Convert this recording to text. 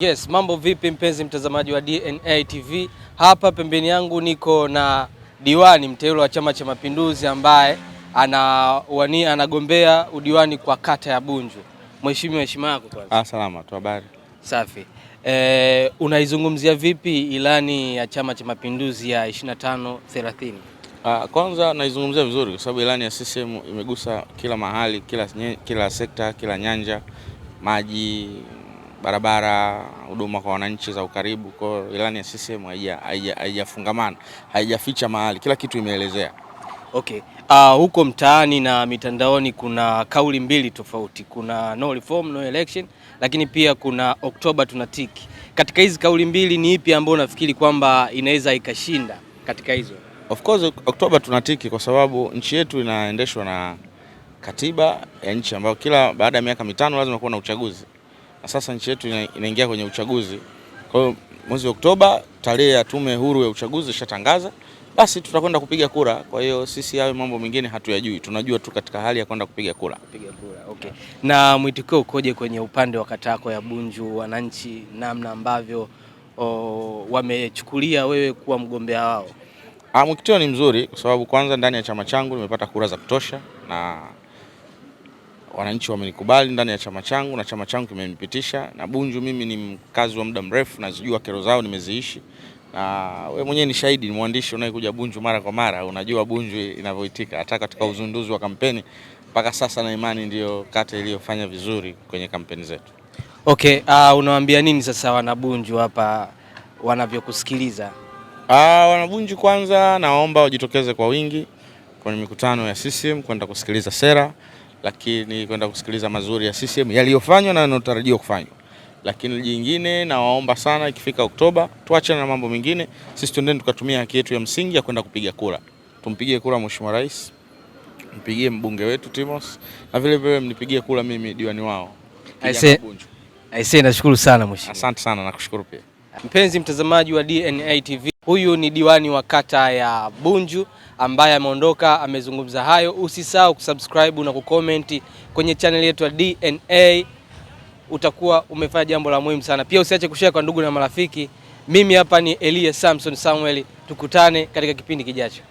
Yes, mambo vipi mpenzi mtazamaji wa DNA TV? Hapa pembeni yangu niko na diwani mteule wa Chama cha Mapinduzi ambaye anawania anagombea udiwani kwa kata ya Bunju. Mheshimiwa, heshima yako kwanza. Ah, salama tu, habari? Safi. E, unaizungumzia vipi ilani ya Chama cha Mapinduzi ya 25 30? Ah, kwanza naizungumzia vizuri kwa sababu ilani ya CCM imegusa kila mahali, kila, kila sekta, kila nyanja, maji barabara, huduma kwa wananchi za ukaribu. Kwa hiyo ilani ya CCM haijafungamana, haijaficha mahali, kila kitu imeelezea. Okay. Uh, huko mtaani na mitandaoni kuna kauli mbili tofauti. Kuna no reform, no election, lakini pia kuna Oktoba tunatiki. Katika hizi kauli mbili ni ipi ambayo unafikiri kwamba inaweza ikashinda katika hizo? Of course Oktoba tunatiki kwa sababu nchi yetu inaendeshwa na katiba ya nchi ambayo kila baada ya miaka mitano lazima kuwa na uchaguzi na sasa nchi yetu inaingia kwenye uchaguzi. Kwa hiyo mwezi wa Oktoba tarehe ya tume huru ya uchaguzi ishatangaza, basi tutakwenda kupiga kura. Kwa hiyo sisi hayo mambo mengine hatuyajui, tunajua tu katika hali ya kwenda kupiga kura. Kupiga kura, okay. Na mwitikio ukoje kwenye upande wa kata yako ya Bunju, wananchi namna ambavyo wamechukulia wewe kuwa mgombea wao? Ah, mwitikio ni mzuri kwa sababu kwanza ndani ya chama changu nimepata kura za kutosha na wananchi wamenikubali ndani ya chama changu na chama changu kimenipitisha. Na Bunju mimi ni mkazi wa muda mrefu, nazijua kero zao, nimeziishi na we mwenyewe ni shahidi, ni mwandishi unayekuja Bunju mara kwa mara, unajua Bunju inavyoitika. Hata katika eh. uzinduzi wa kampeni mpaka sasa, na imani ndiyo kata iliyofanya vizuri kwenye kampeni zetu. Okay, uh, unawaambia nini sasa wanabunju hapa wanavyokusikiliza? Uh, ah, wanabunju kwanza, naomba wajitokeze kwa wingi kwenye mikutano ya CCM kwenda kusikiliza sera lakini kwenda kusikiliza mazuri ya CCM yaliyofanywa na yanayotarajiwa kufanywa. Lakini jingine, nawaomba sana, ikifika Oktoba tuache na mambo mengine, sisi tuendeni tukatumia haki yetu ya msingi ya kwenda kupiga kura. Tumpigie kura Mheshimiwa Rais, mpigie mbunge wetu Timos, na vile vile mnipigie kura mimi diwani wao. Aisee, nashukuru sana mheshimiwa. Asante sana, nakushukuru pia. Mpenzi mtazamaji wa DNA TV Huyu ni diwani wa kata ya Bunju ambaye ameondoka, amezungumza hayo. Usisahau kusubscribe na kukomenti kwenye channel yetu ya DNA, utakuwa umefanya jambo la muhimu sana. Pia usiache kushare kwa ndugu na marafiki. Mimi hapa ni Elias Samson Samuel, tukutane katika kipindi kijacho.